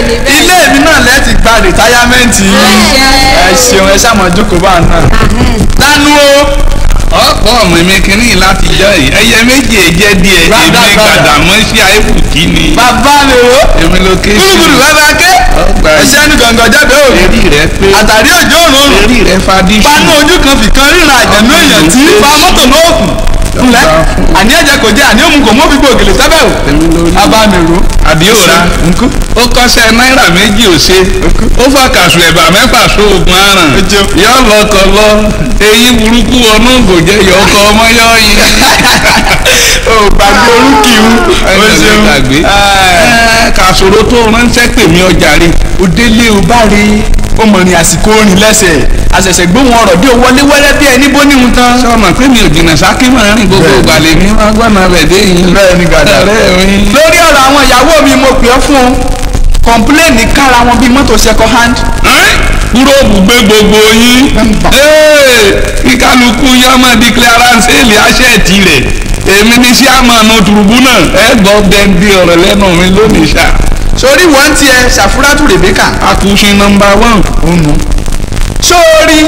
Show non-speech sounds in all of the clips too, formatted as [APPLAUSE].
ilé mi náà lẹ́ẹ̀tì gba rìtáyámẹ́ǹtì yìí ẹ ṣeun ẹ ṣàmọ̀ jókòó bá náà dánú o ọ̀pọ̀ ọmọ mi kìíní láti jọ yìí ẹyẹ méjì èjẹ díẹ̀ èmi gbàdámọ́ sí àìkùkí ni. bàbá mi o èmi ló ké sí i gbúgbúrú bàbá ké iṣẹ́ ní gàngàn jáde o èrí rẹ pé àtàrí òjò òrùn panu ojú kan fìkan ríran àjẹmí èèyàn tí pa mọ́tò náà kù. ńlẹ àní ẹ̀jẹ̀ kò jẹ́ àní òmùkò mọ́ fi gbé òkèlè o abamiro. àbíòra ó kọ́sẹ́ náírà méjì ò ó fọkàṣù ẹ̀bà mẹ́fà sóògùn aràn yọ lọkọ lọ eyín burúkú ọ̀nà ògòjẹ́ yọ ọkọ ọmọ yọ yín. [LAUGHS] o gbàgbé orúkìú o ṣeun kàṣòro tó ránṣẹ́ pèmí ọjà rẹ̀ òdélé o bá rí i. kó mọ̀ ní àsìkò orin lẹ́sẹ̀ àṣẹ̀ṣẹ̀ gbóhùn ọ̀rọ̀ bí o wọlé wẹ́rẹ́ bí ẹni bó ní ohun tán. sọ ma pé mi ò jìnnà sákì máa rìn gbogbo ìgbàlẹ̀ mi wá gbọ́nà rẹ̀ dé yìí. bẹ́ẹ̀ ni gàdá lórí ọ̀rọ̀ àwọn ìyàwó mi mo pè ọ́ fún un kára wọn bíi mọ́tò second hand. gúróòbù gbé gbogbo yín kí kálukú yá máa di clearance èlé aṣẹ́ẹ̀tì rẹ̀ èmi ní sí àmọ́ àna tùrùbù náà ẹ gbọ́ bẹ́ẹ̀ bí ọ̀rọ̀ lẹ́nu mi lónìí ṣáà sórí wọ́n ti ẹ ṣàfúrátù rèbíkà. a kì í ṣe nọmba one ònu. sórí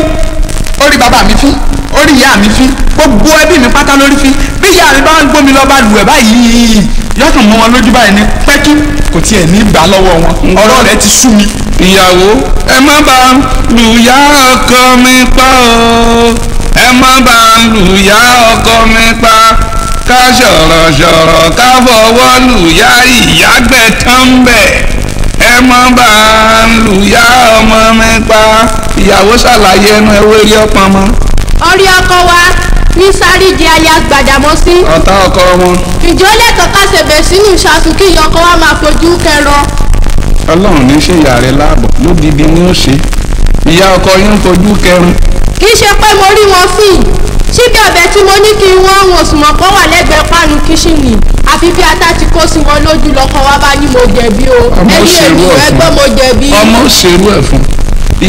orí bàbá mi fín orí ìyá mi fín gbogbo ẹbí mi pátá lórí fín bí ìyá mi bá ń gbómi lọ bá lù ẹ báyìí yóò kàn mọ wọn lójú báyìí ní pẹ́kí kò tiẹ̀ ní gbà lọ́wọ́ wọn ọ̀rọ̀ rẹ ti sú mi. ìyàwó ẹ má bá lùyà ọkọ mi pa o ẹ má bá lùyà ọkọ mi pa ká ṣọ̀rọ̀ṣọ̀rọ̀ ká fọwọ́ lùyá ìyá gbẹ̀ tán bẹ̀ ẹ mọ́ bá ń lùyá ọmọ mi pa ìyàwó ṣàlàyé ẹnu ẹwé rí ọpọn mọ́. ọrí ọkọ wa ní sáríjì aya Gbàdámọ́sí. ọ̀tá ọkọ wọn. ìjọ lẹ́tọ̀ọ́ ká ṣèbẹ̀ sínú ìṣàtú kí ìyọkọ wa máa fojú kẹrọ. Ọlọ́run ní ṣèyà rẹ̀ láàbọ̀ lódìdí ni ó ṣe ìyá ọkọ yín fojú kẹrun. kì í ṣe pé mo rí wọn fín síbi ọbẹ̀ tí mo ní kí n wọ́n wọn sùnmọ̀ kó wà lẹ́gbẹ̀ẹ́ pánu kíṣìnì àfi bí ata ti kó sí wọn lójú lọ́kọ wa bá ní mo jẹ̀bi o ẹ̀yìn èmi ẹgbẹ́ mo jẹ̀bi. ọmọ òṣèrú ẹ̀ fún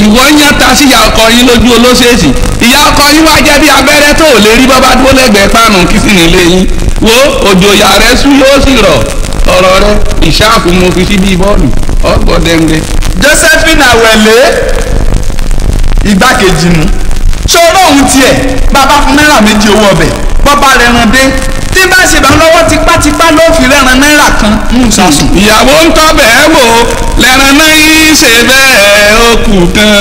ìwọ ń yàtà sí ìyá ọkọ yín lójú olóṣèṣì ìyá ọkọ yín wá jẹ́ bí abẹ́rẹ́ tó ò lè rí bọ́ bá dúró lẹ́gbẹ̀ẹ́ pánu kíṣìnì ilé yín wo òjò ìyá rẹ sú yóò sì rọ̀ ọ̀rọ̀ rẹ ìṣáàfù mo fi síbi bọ́ọ̀lù ọgbọ̀dẹ̀ǹdẹ̀. Josephine Awele igbákejì nu ṣé olóhùn tiẹ̀ bàbá fún náírà méjì owó ọbẹ̀ bọ́ba rẹ̀ ràn dé tí bá ṣe bá lọ́wọ́ tipátipá ló fi rẹ̀ràn náírà kan ń sàsùn. ìyàwó ń tọ́ bẹ́ẹ̀ wò lẹ́ran náà yìí ṣe bẹ́ẹ̀ ó kù kan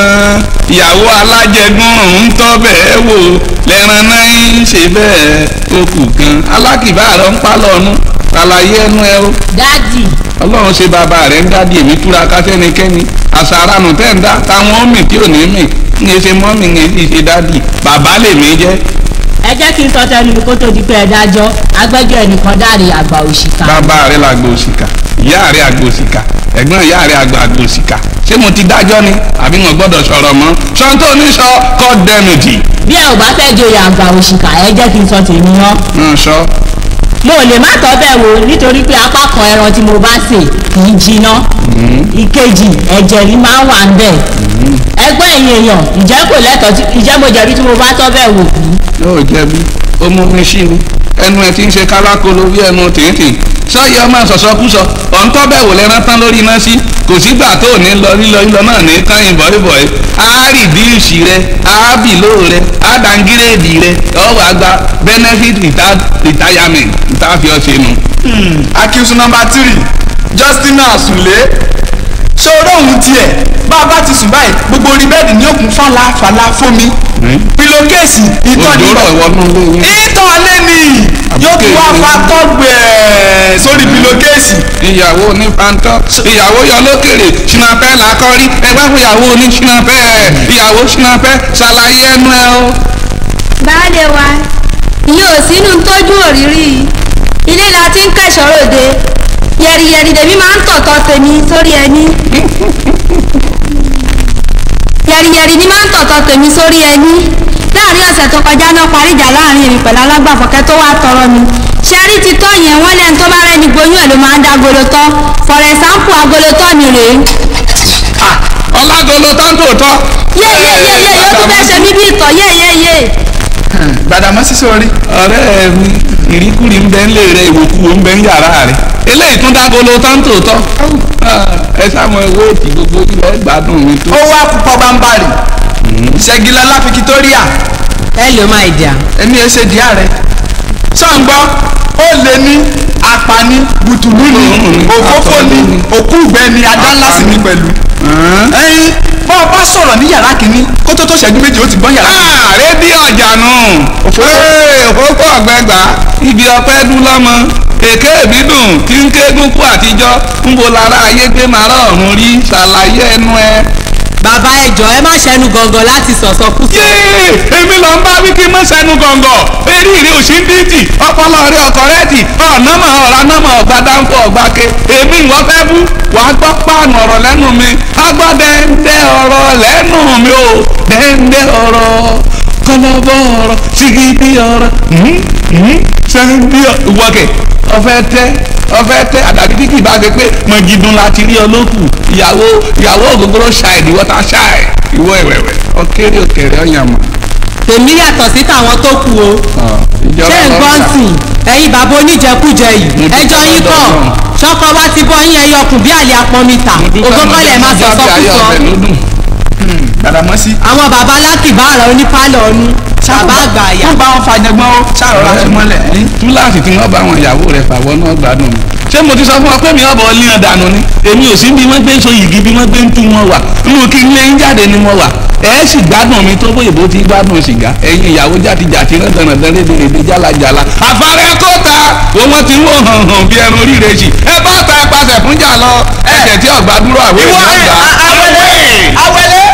ìyàwó alájẹgúnrún ń tọ́ bẹ́ẹ̀ wò lẹ́ran náà yìí ṣe bẹ́ẹ̀ ó kù kan alákìbá rẹ̀ ń pa lọ́nu àlàyé ẹnu ẹ o. dáàdì ọlọ́run ṣe bàbá rẹ̀ ń dádì èmi túra kásẹ́nikẹ́ni àṣàránù tẹ́ ń dá táwọn mì tí ò ní mì ń ṣe mi ń ṣe dádì bàbá lèmi jẹ́. ẹ jẹ́ kí n sọ tẹnu mi kó tó di pé ẹ dájọ́ agbẹ́jọ́ ẹnìkan dáre àgbà òṣìkà. bàbá rẹ̀ la gbà òṣìkà ìyá rẹ̀ àgbà òṣìkà ẹ̀gbọ́n ìyá rẹ̀ àgbà àgbà òṣìkà ṣé mo ti dájọ́ ni àbí wọn gbọ́dọ̀ sọ̀rọ̀ mọ́ sọ́n tó ní sọ kọ́ dẹnu jì. bí ẹ ò bá fẹ́ joyè àgbà òṣìkà ẹ jẹ́ kí n sọ tèmi ná. ń sọ mo lè má tọ́ bẹ́ẹ̀ wò nítorí pé apá kan ẹran tí mo bá sè kì í jiná mm-hmm. ìkejì ẹ̀jẹ̀ rí máa ń wà ń bẹ̀ mm-hmm. ẹgbẹ́ ẹ̀yìn èèyàn ǹjẹ́ kò lẹ́tọ̀ọ́ ǹjẹ́ mo jẹ̀bi tí mo bá tọ́ bẹ́ẹ̀ wò kú. yóò jẹ̀bi ó mú mi sí ni ẹnu ẹ ti ń ṣe kálákolo bí ẹnu tètè sọyẹ ọmọ sọsọkúsọ ọ̀ǹtọ́ bẹ̀wò lẹ́ran tán lórí iná sí kò sígbà tó ní lọ lílọ lílọ náà ní káyìn bọ̀ìbọ̀ì áàrì díìsì rẹ áàbìlò rẹ ádàngírèdì rẹ ọwọ́ àgbà benefit retirement ìtàfíọ́sẹ̀ nu. Hmm. accuse number three justina sule ṣé o róhun tiẹ̀ bá a bá ti sùn báyìí gbogbo orí bẹ́ẹ̀dì ní òkun falafala fomi pillowcase ìtọ́ni ìtọ́lé ni hmm? yóò tún wá fa tọ́gbẹ̀ eh, sórí pillowcase. ìyàwó ní pantọ́ ìyàwó yọ lókèrè ṣìnàpẹ́ làákọ́rí ẹgbẹ́ fún ìyàwó ní ṣìnàpẹ́ ìyàwó ṣìnàpẹ́ ṣàlàyé ẹnu ẹ o. baálé wa ìyẹn ò sínú tójú òrírí ilé la ti ń kẹ̀sọ́ de yẹriyẹri lèmi máa ń tọ̀tọ̀ tèmi sórí ẹni yẹriyẹri ni máa ń tọ̀tọ̀ tèmi sórí ẹni láàrin ọ̀sẹ̀ tó kọjá náà parí ìjà láàrin èmi pẹ̀lú alágbàfọ̀kẹ́ tó wà tọrọ mi ṣẹ́rí ti tọ́ yẹn wọ́n lẹ́nu tó bá rẹ́ni gboyún ẹ̀ ló máa ń da agolotọ́ for example agolotọ́ mi rèé. ọlágolo tó ń tòótọ́. yéyéyéyé yóò tún fẹ́ ṣe mí bí ìtọ̀ yéyéyé. Badamasi sori. ọ̀rẹ́ mi ìríkùrí ń bẹ ń lè rẹ ìwòkuwò ń bẹ ń yàrá rẹ eléyìí tún dágolo tán tòótọ́ ah, ẹ sáwọn ewé òtí gbogbo ilẹ̀ gbádùn mi tó. ó wá púpọ̀ bámbárì ìṣẹ́gilá láfikítóríà. ẹ ló máa dìá. èmi ẹ ṣe dìá rẹ. sọ̀ ń gbọ́ olè ni apani bùtùlù ni òfófó ni òkúùgbẹ ni adálásì ni pẹ̀lú. ẹyin bá a bá sọ̀rọ̀ ní yàrá kìíní kó tó tó ṣẹ́jú méjì ó ti gbọ́n yàrá. Ah, rédíò ọ̀jànù òfófó ọ̀gbẹ́gbà ibi ọpẹ́ dún lọ́mọ èké ìbídùn tí ń ké gúnkú àtijọ́ ń bo lára ayé gbé màrá ọ̀run rí ṣàlàyé ẹnu ẹ bàbá ẹjọ ẹ má ṣẹnu gọ̀ǹgọ̀ láti sọ̀sọ̀ kú. yéè èmi ló ń bá wí kí n má ṣẹnu gọ̀ǹgọ̀ eré ìrè òsì ń dídì ọpọlọ rẹ ọkọ rẹ dì ọ̀nàmọ̀ ọ̀ranàmọ̀ ọ̀gbàdàǹfọ̀ ọ̀gbàke èmi ìwọ fẹ́ bú wàá gbọ́ páànù ọ̀rọ̀ lẹ́nu mi á gbọ́ dẹ́ndẹ́ ọ̀rọ̀ lẹ́nu mi ò dẹ́ndẹ́ ọ̀rọ̀ kọlọ́bọ̀ ọ̀rọ̀ ṣìgìdì ọ̀rọ̀ hmm? sẹ́ni hmm? bí ìwọ́kẹ̀ ọ̀fẹ́ tẹ́ ọ̀fẹ́ tẹ́ àdàbí kíkì bá ṣe pé mọ̀gìdùn láti rí olókù ìyàwó ìyàwó ògógóró ṣáì ìwọ ta ṣáì ìwọ ìwẹ̀wẹ̀ ọ̀kẹ́rẹ́ òkèrè ọ̀yàmọ̀. tèmi yàtọ̀ sí tàwọn tó kù o ah, ṣé nǹkan tì ẹ̀yin bàbá oníjẹkújẹ yìí ẹjọ́ yín kọ̀ ṣọ́kọ wá ti bọ́ yín ẹyọkùn bí àlè apọ̀mìtà ògógó dàdàmọ́sí. àwọn bàbá lákìbáàrà onípàlọ̀ ọ̀nù bàbá àgbà àyà. wọ́n bá wọn fàjẹgbọ́n ó ṣàròrà tó mọ́lẹ̀. túláàsì tí wọ́n bá àwọn ìyàwó rẹ̀ fàwọ́ náà gbádùn mi. ṣé mo ti sọ fún wa pé mi ò bọ̀ líyan dànù ni èmi ò sí bí wọ́n gbé so yìgì bí wọ́n gbé ń tú wọn wà inú kí n lé ń jáde ni mo wà ẹ sì gbádùn mi tó bóyìnbó ti gbádùn sìgá ẹ̀yin ìyàwó jàtijàti rán dandan lédè èdè jálajàla àfárẹ́ tó ta wọn ti ń wò hàn hàn bí ẹran oríire sí ẹ bá ta ẹ pàṣẹ fún jà lọ ẹsẹ tí ọgbà dúró àwẹ ìyá ọgbà. ìwọ ẹ awẹlẹ awẹlẹ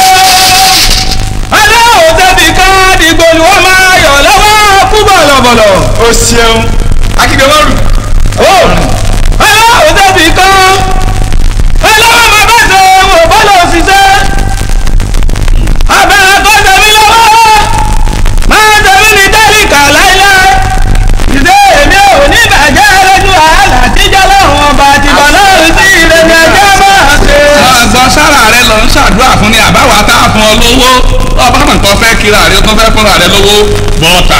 aláwọ̀ tẹ́bi káàdì gbòòlù wọn máa yọ̀ lọ́wọ́ kú bọ̀lọ̀bọ̀lọ̀. o ṣeun akíndé wọn rù. aláwọ̀ tẹ́bi káàdì. ìwọ sára rẹ lọ ń ṣàdúrà fún ni àbáwá tá a fún ọ lówó ọba kan tó fẹ́ kíra rẹ tó fẹ́ fúnra rẹ lówó bọ́ọ̀ta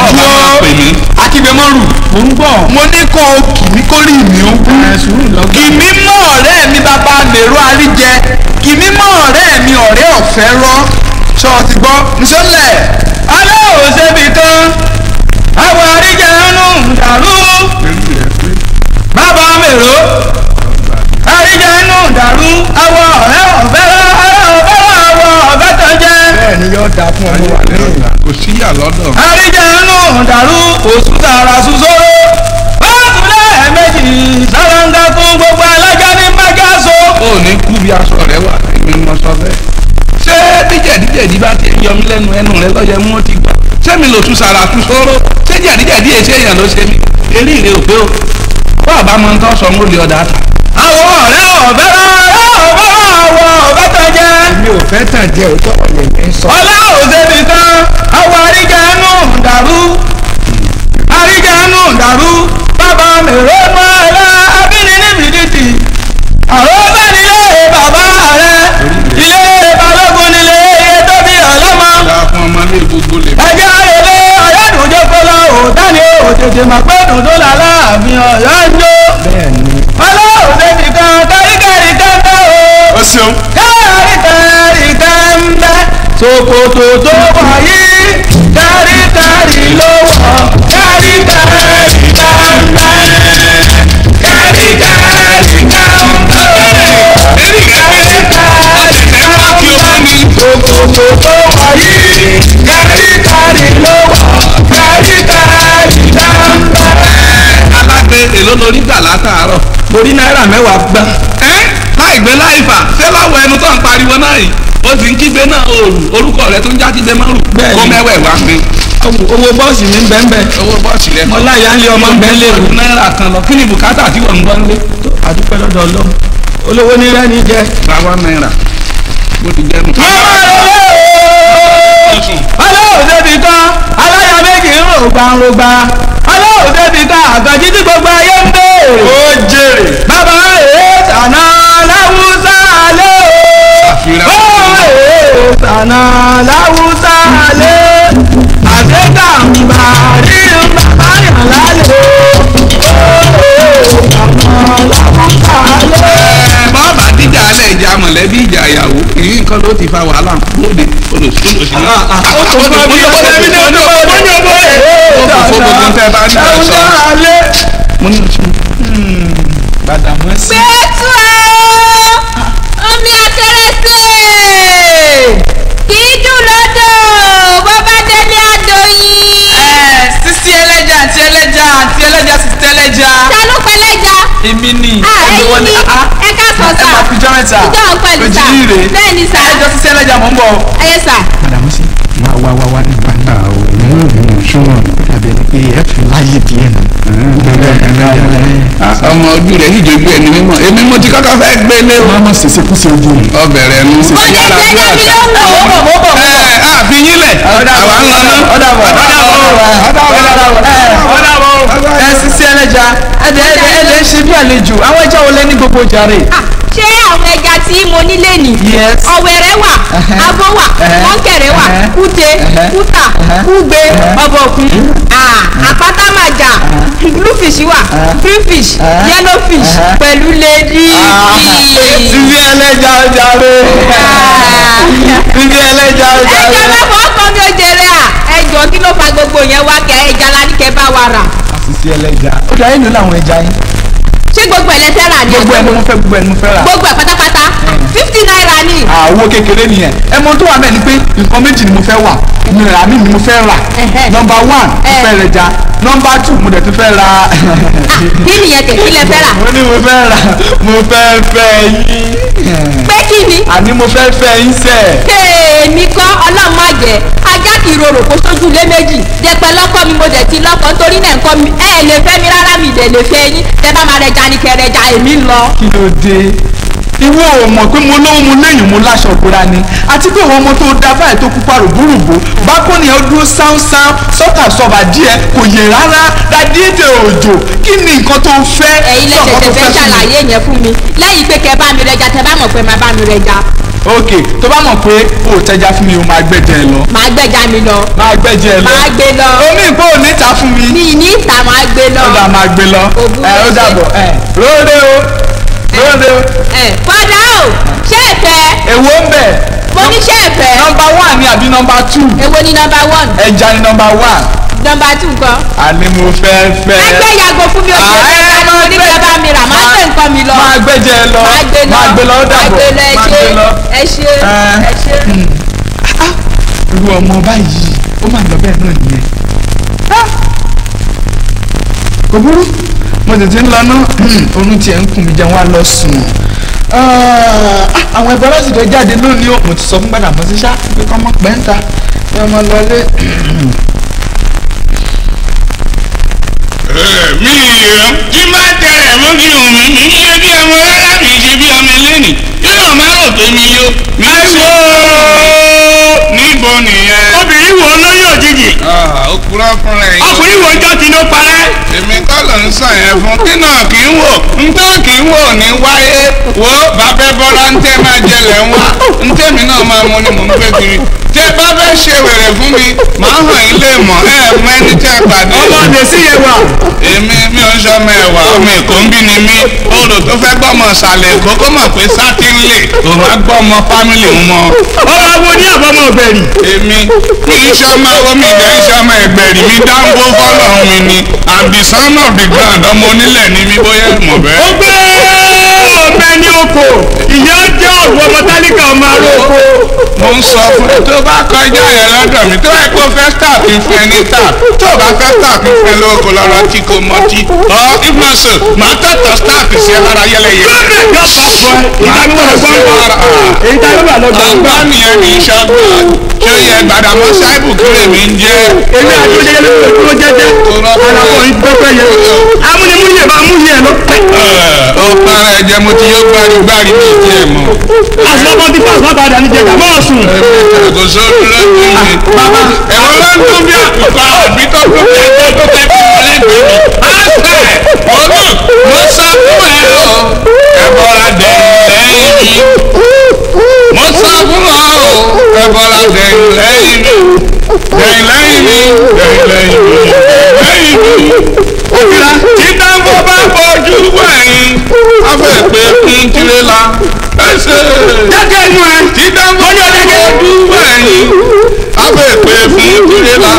bọ́ọ̀ta máa akíndémọ́rù mo ń bọ̀ mo ní kó o kì mi ó kú kì mọ́ ọ̀rẹ́ mi bàbá lèrò àríjẹ kì mọ́ ọ̀rẹ́ mi ọ̀rẹ́ ọ̀fẹ́ rọ́ ṣọ́ ti gbọ́ nsọ́lẹ̀ alẹ́ òṣèbí tán àwọn àríjẹ ń dàrú bàbá mèrò jẹnu dàrú awọ ọ̀rẹ́ ọ̀fẹ́rẹ́ ọ̀rẹ́ ọ̀fẹ́rẹ́ awọ ọ̀fẹ́ tó jẹ́. bẹ́ẹ̀ni yóò dà fún ọmọ wa lẹ́yìn kò síyà lọ́dọ̀. àríjẹnu dàrú òsùn tààrà sùsọrọ báàkù lẹ́ẹ̀mejì sàràǹgà fún gbogbo alájà ní bájà so. ó ní kú bí aṣọ rẹ wà ní mo sọ bẹ́ẹ̀. ṣé díjẹ̀díjẹ̀dí bá ti yọ mí lẹ́nu ẹnu rẹ lọ́yẹ mú ó ti gbà ṣé mi lò tún sàrà tún sóró ṣé jẹ̀díjẹ̀dí èsì èèyàn ló ṣe mí eré ìrè òpé o bá àbámọ́ ń tọ́ sọ ń ọ̀dà àtà àwọn ọ̀rẹ́ ọ̀bẹ ọ̀rẹ́ ọ̀bẹ àwọn ọ̀bẹ tàn jẹ. mi ò fẹ́ tàn jẹ òótọ́ ọ̀yẹ̀ mi sọ. ọlá òde mi tán àwọn àríjànú dàrú àríjànú dàrú bàbá mi rẹ mọ́ ẹ̀rọ abínibí bìdìtì àwọn ọba nílé bàbá rẹ ilé balógun nílé iye tó bí ọlọ́mọ. ẹjẹ́ àrèlé ọ̀yọ́dún jókòó lọ òótọ́ ni ó tètè mọ̀ pé dùndún làlá àfihàn ọ̀yọ́ ń jó. ṣeun. kárí kárí sokoto ń bẹ́ ṣòkòtò tó wà yìí kárí kárí ló wọ̀ kárí kárí ká ń bẹ́ kárí kárí ká ń bẹ́ kárí kárí ká ń bẹ́ tó wà yìí kárí kárí ló wọ̀ kárí kárí ká lórí gbà látàárọ̀. mo náírà mẹ́wàá gbá ìgbẹ́ láìfà ṣé láwọ̀ ẹnu tó ń pariwo náà yìí ó sì ń kígbe náà òòrù orúkọ rẹ tó ń já kígbe márùn kó mẹ́wẹ̀ wá pé. owó bọ́ọ̀sì mi ń bẹ́ ń owó bọ́ọ̀sì rẹ kọ́ ọláyà ń ọmọ ń bẹ́ ń léwu. náírà kan lọ kí ni bùkátà tí wọ́n ń gbọ́ nílé. àdúpẹ́ lọ́dọ̀ ọlọ́run olówó ní rẹ́ni jẹ́. bàbá náírà bó ti jẹ́ nù. ọlọ́run débi tán aláya méjì ń rò ń béèrè. ó jèrè. bàbá rèé tàná. ìlànà láwùsá lé àgbéga ìgbà rí bàbá yàn lálẹ́ ìlànà láwùsá lé. bọ́ọ̀bà díjà alẹ́ ìjà mọ̀lẹ́bí ìjà ìyàwó ìyí nǹkan ló ti fa wàhálà lóde olùsílù sí. ó tó bá mi ó lẹ́mí ní ọjọ́ ọjọ́ ọjọ́ ọjọ́ ó kò fún gbogbo tẹ́ bá ní ọ̀sán. mo ní oṣù hmm. bàdàmọ́sí. bẹ́ẹ̀ tún ẹ. èmi ni ah, ẹ̀yin ni ah, ẹ káàkó sá ẹ máa fi jọ́rẹ̀ sá ìjọ ọ̀pẹ̀lú sá bẹ́ẹ̀ ni sá ẹjọ́ sísẹ́ ẹlẹ́jà mọ̀ ń bọ̀. ẹyẹ sá. madam sí wá wá wá wá ní bàtà òun òun ṣùgbọ́n àbẹ̀ ni pé ẹ fi láyé díẹ̀ nù. Ah, ọmọ ojú rẹ̀ níjọ gbé ẹni mímọ́ èmi mo ti kọ́kọ́ fẹ́ gbélé o. máa ma ṣèṣe kúṣe ojú rẹ̀. ọbẹ̀ rẹ̀ nu ṣèṣe yàrá gbé àṣà. mo ní àfi yín lẹ̀ àwa ń lọ mọ́ ọ̀dàbọ̀ ọ̀dàbọ̀ ẹ̀ ṣiṣẹ́ ẹlẹ́ja ẹ̀dẹ̀ ẹ̀dẹ̀ ṣe bí àlejò àwọn ẹja wo lẹ́ ní gbogbo jàre. ṣé àwọn ẹja tí mo nílé nì ọ̀wẹ̀rẹ̀ wà uh-huh. abó wà mọ́kẹ̀rẹ̀ uh-huh. wà uh-huh. kúte kúta kúgbe ọ̀bọ̀kún ah, àpáta màjà blue fish wà green fish yellow fish pẹ̀lú lady. Ah, ibi ẹlẹ́ja ọjà rẹ̀ ah. ibi ẹlẹ́ja ọjà rẹ̀. ẹja bá fọ́ ọkọ mi ò jẹrẹ à ẹjọ kí ló fa gbogbo yẹn wá kẹ ẹja ládìkẹ bá wa rà. àṣìṣe ẹlẹ́ja ó dá inú làwọn ẹja yín ṣé gbogbo ẹ̀ lẹ fẹ́ rà ni. gbogbo ẹ̀ mo fẹ́ gbogbo ẹ̀ mo fẹ́ rà. gbogbo ẹ̀ pátápátá fifty naira ni. àwo kékeré nìyẹn ẹ mọ tó wà bẹ́ẹ̀ ni pé nǹkan méjì ni mo fẹ́ wà nira mi ni mo fẹ́ rà nọmba one mo fẹ́ rẹ ja nọmba two mo dẹ̀ tún fẹ́ ra. Ah, kí nìyẹn kẹ̀ kí lẹ fẹ́ rà. mo ní mo fẹ́ rà mo fẹ́ fẹ́ yín. pé kí ni. àní mo fẹ́ fẹ́ yín sẹ́ẹ̀. èmi kọ́ ọlọ́mọ àjẹ́ ajá kì í rorò kó sójú lé méjì jẹpẹ lọkọ mi mo dẹ̀ ti lọkọ nítorí náà nǹkan mi ẹ lè fẹ́ mi rárá mi lè lè fẹ́ yín tẹ bá máa rẹja ni kẹrẹja èmi lọ. kí ló dé ìwọ ò mọ̀ pé mo lóhun mo léyìn mo láṣọ ìbora ni àti pé àwọn ọmọ tó da báyìí tó pupa rògbòrògbò bákọ́ni ẹ dúró sáúnsáún sọ́kà sọ́ba díẹ̀ kò yẹ rárá dádìédè òjò kí ni nǹkan tó fẹ́. ẹ̀yin lè ṣẹ̀ṣẹ̀ fẹ́ ṣàlàyé yẹn fún mi lẹ́yìn pé kẹ́ bá mi rẹja tẹ́ bá mọ̀ pé máa bá mi rẹja ok tó bá mọ̀ pé o tẹja fún mi o máa gbẹ́jẹ lọ. máa gbẹ́ja mi lọ. máa gbẹ́jẹ lọ. máa gbé lọ. omi ìpò ò níta fún mi. mi níta máa gbé lọ. ó dà máa gbé lọ. ẹ ó dàbọ̀ ẹ lóde o lóde o. fọdà o ṣé ẹ fẹ́. èwo ń bẹ̀. mo ní ṣé ẹ fẹ́. nọmba one ni àbí nọmba two. èwo ni nọmba one. ẹja ni nọmba one. nọmba two nǹkan. àní mo fẹ́ fẹ́. ẹgbẹ́ yàgò fún mi o ṣe é. àyè máa gbẹ́jẹ lọ. máa gbẹ́jẹ lọ. máa gbé lọ ó dàbọ̀. máa gbé lọ ṣe lọ ẹ ṣe ẹ ṣe. Hmm. Ah, irú ọmọ báyìí ó máa ń lọ bẹ́ẹ̀ náà nìyẹn. Ah, kò burú mo tètè ń lọ ná hmm, oorun tiẹ̀ ń kùn mí jẹun wá lọ sùn ah, àwọn ẹgbẹ́ lọ́sìdẹ̀ jáde lónìí o mo ti sọ fún gbàdà mọ́ sí ṣá pé kọ́ mọ́ pẹ́ńtà ẹ ọmọ lọlé. mi ìrọ̀ tí bá tẹ̀rẹ̀ mọ́ kí n ò mí ní ṣe bí ọmọ rárá mi ṣe bí ọmọ ẹlẹ́nìí márùn tó ní yó. láìwo níbo nìyẹn. obìnrin wo ló yóò jìjì. Ah, ó kúrọ́ fúnra ẹ̀. ọkùnrin wo jọ ti ló parẹ́. èmi kọ́ ló ń sàn yẹn fún kí náà kì í wò ń tó kì í wò ní wáyé wo bàbá bọ́lá ń tẹ́ máa jẹlẹ̀ ń wá ń tẹ́mi náà máa mú ni mò ń fẹ́ kiri tẹ bá fẹ́ ṣe wèrè fún mi màá hàn ilé mọ̀ ẹ mọ ẹni tẹ pàdé. ọmọ ọdẹ sí yẹn wà. èmi mi ò ń sọmọ ẹwà ọmọ èkó ń bí ni mí olùtọ́fẹ́ gbọ́mọ̀ ṣàlẹ̀ èkó kó mọ̀ pé sátí ń lè kò má ọmọ fámìlì ń mọ. ọmọ wo ní àbọ̀mọ ọ̀gbẹ̀rì. èmi kì í ṣọmọ omi ìdá ìṣọmọ ẹ̀gbẹ̀rì mi dáńgbó fọ́lọ́run mi ni I'm the son of the ground ọmọ onílẹ̀ ni mi bóyá ìmọ̀ bẹ́ẹ̀. ó gbé ọ̀bẹ ní oko ìyá jẹ́ ọ̀wọ́ ọmọ roko mo ń sọ fún ẹ tó bá kọjá yẹn lọ́dọ̀ mi tó ẹ kó fẹ́stà fi fẹ́ ní tà tó bá fẹ́stà fi fẹ́ lóko lọ́rọ̀ tí kò mọtí ọ ìfọ̀sọ̀ máa tọ̀tọ̀ stáàfì sí ara yẹlẹyẹ. máa tọ̀tọ̀ sí ara àgbà nìyẹn ní ìṣàgbọ́n oyè gbàdàmọ́ ṣáìbù kéré mi ń jẹ́. èmi àti oúnjẹ yẹn ló ń jẹjẹ àlàfo ìgbẹ́fẹ́ yẹn amúnimúni bá múni yẹn ló pẹ́. ó para ẹ̀jẹ̀ mo ti yó gbárí gbárí mi ìdí ẹ̀ mọ́. ti fà sọ́ba àdáni jẹjà mọ́ ọ̀sùn. kò sóru bí àtùpà òbí tó kú bí ẹjọ́ tó fẹ́ fi wọlé gbé mi. àṣẹ ọlọ́ọ̀ mo fún ẹ lọ ẹ̀bọ̀ra dẹ̀ lẹ́yìn mo sá fún ọ ẹ bọ́ra dẹ̀yìn lẹ́yìn mi dẹ̀yìn lẹ́yìn mi dẹ̀yìn lẹ́yìn mi lẹ́yìn mi. òkìlá títà ń bọ́ bá fojú wẹ̀yìn afẹ́ pé kún tirẹ́là ẹsẹ̀. dákẹ́ inú ẹ. títà ń bọ́ bá fojú wẹ̀yìn afẹ́ pé kún tirẹ́là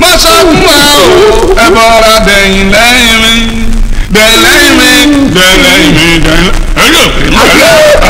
mo sá fún ọ ẹ bọ́ra dẹ̀yìn lẹ́yìn mi dẹ̀yìn lẹ́yìn mi dẹ̀yìn lẹ́yìn mi dẹ̀yìn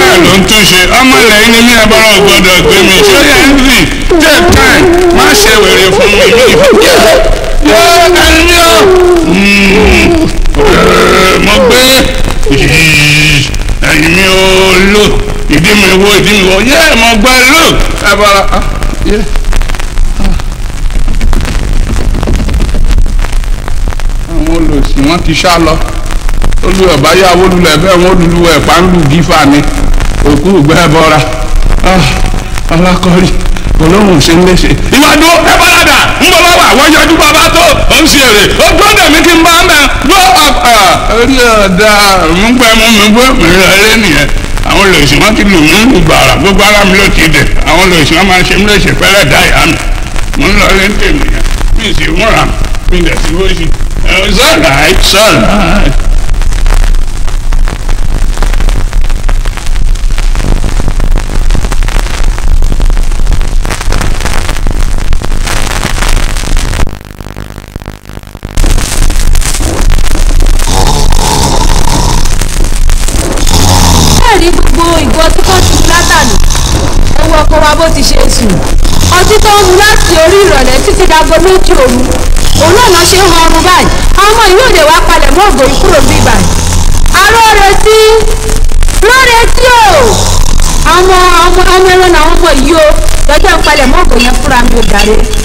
náà ló ń túnṣe ọmọ ilẹ̀ yìí ni mí abọ́rọ̀ gbọ́dọ̀ gbé mi ṣé ó yẹ ń rì take time má ṣe wèrè fún mi mi ìfúkẹ́ yọ ẹni ọ mo gbé ẹ̀yìn mi ò lò ìdí mi wo ìdí mi wo yẹ mo gbẹ lò abọ́rọ̀ yẹ. àwọn olùsìn wọn ti sá lọ olùwẹ̀ báyà wọlùlẹ̀ bẹ́ẹ̀ wọ́n lùlù ẹ̀ pa ń lù gífà ni òkú ògbẹ́ bọ́ra ọlákọ́rí ah, olóhùn ṣe ń léṣe. ìwádìí ó ẹ bọ́ládà ń bọ̀ lọ́wọ́ àwọn yọjú bàbá tó ó ń ṣe èrè ó tó ń dẹ̀mí kí n bá ń bẹ̀ ló ọ̀pá. orí ọ̀dà mú pẹ́ mú mi bó mi lọ lé nìyẹn àwọn olóòṣì wọn ti lù mú gbàrà gbogbo ara mi ló ti dẹ̀ àwọn olóòṣì wọn máa ṣe mí léṣe fẹ́rẹ̀ dá ìyá mi mo lọ lé tèmi yẹn mi ì sì múra mi dẹ̀ sí bó ṣe. it's ìgò ọtí kan ti látàlú owó ọkọ wa bó ti ṣe sùn ọtí tó ń mu láti orí ìrọ̀lẹ́ títí dago méjì òru òun náà lọ ṣe ń han báyìí ọmọ yìí òde wá palẹ̀ mọ́ ògò ìkúrò bíi báyìí aró retí lóretí o àwọn ọmọ ẹran àwọn ọmọ yìí o lọ́jọ́ ń palẹ̀ mọ́ ògò yẹn fúnra mi ò dàre.